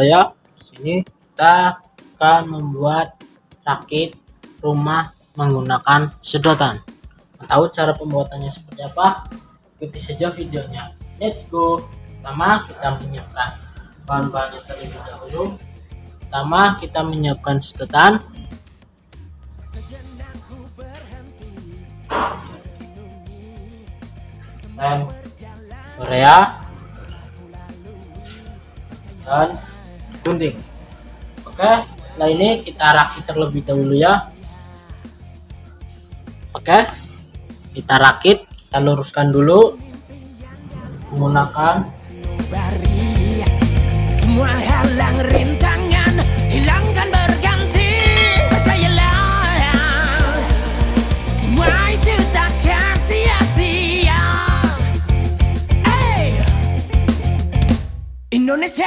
saya di sini kita akan membuat rakit rumah menggunakan sedotan tahu cara pembuatannya seperti apa ikuti saja videonya let's go pertama kita menyiapkan bahan-bahannya terlebih dahulu pertama kita menyiapkan sedotan dan Korea dan gunting oke nah ini kita rakit terlebih dahulu ya oke kita rakit kita luruskan dulu menggunakan semua halang rintangan hilangkan berganti saya semua itu takkan sia-sia hey! Indonesia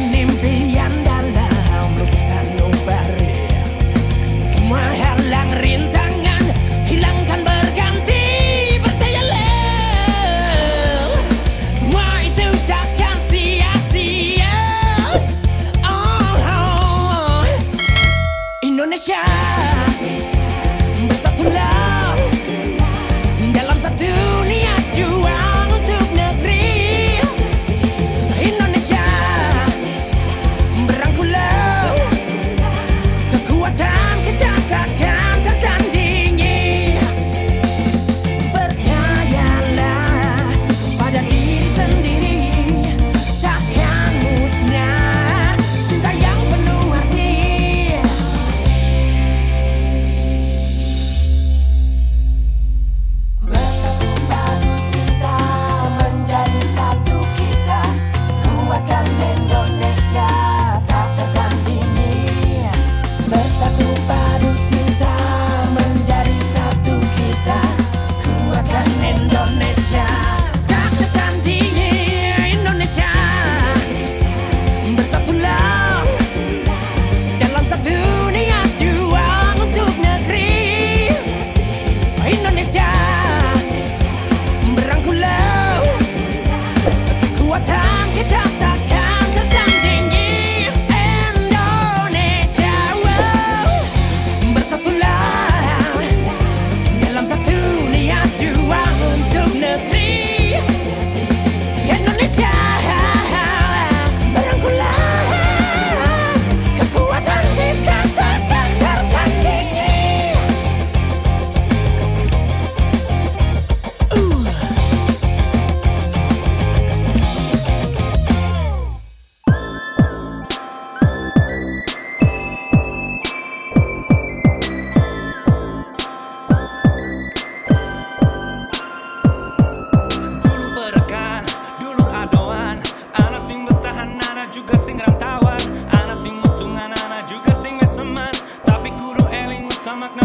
makna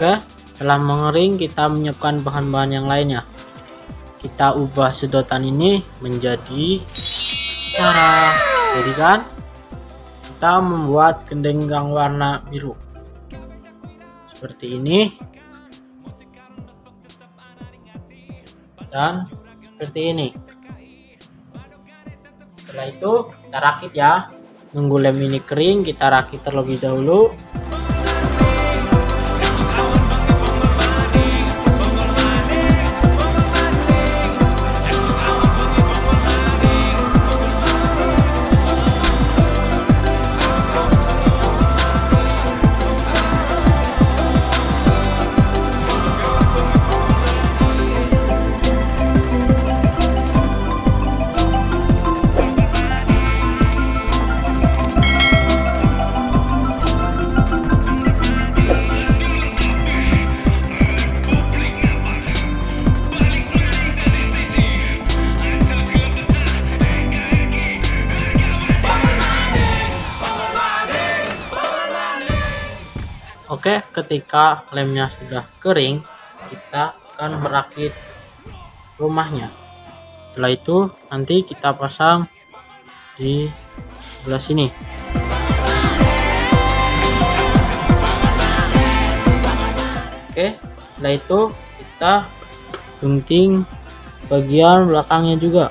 Oke, setelah mengering kita menyiapkan bahan-bahan yang lainnya kita ubah sedotan ini menjadi cara jadi kan kita membuat gendenggang warna biru seperti ini dan seperti ini setelah itu kita rakit ya nunggu lem ini kering kita rakit terlebih dahulu Oke, ketika lemnya sudah kering, kita akan merakit rumahnya. Setelah itu, nanti kita pasang di sebelah sini. Oke, setelah itu kita gunting bagian belakangnya juga.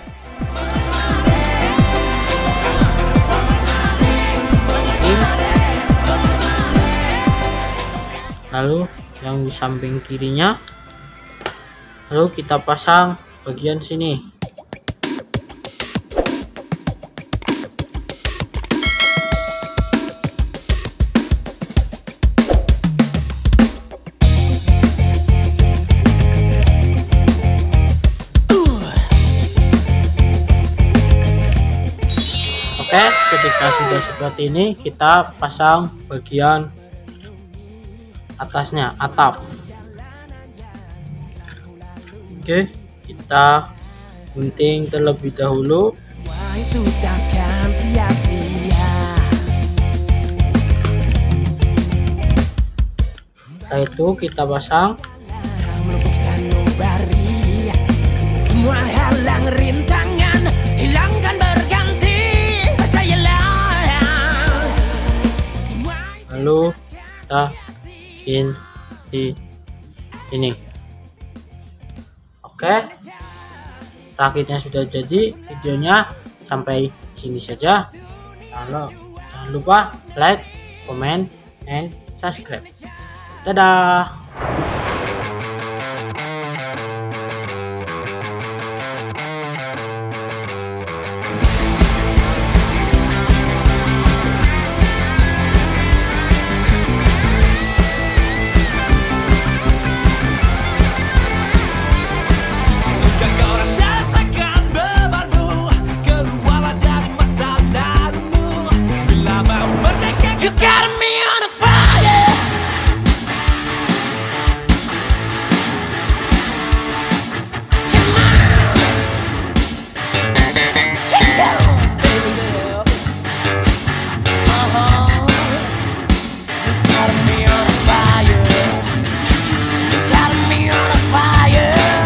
lalu yang di samping kirinya lalu kita pasang bagian sini Oke, ketika sudah seperti ini, kita pasang bagian atasnya atap oke kita gunting terlebih dahulu setelah itu kita pasang semua halang rintangan hilangkan berganti lalu kita bikin di ini oke rakitnya sudah jadi videonya sampai sini saja kalau jangan lupa like comment and subscribe dadah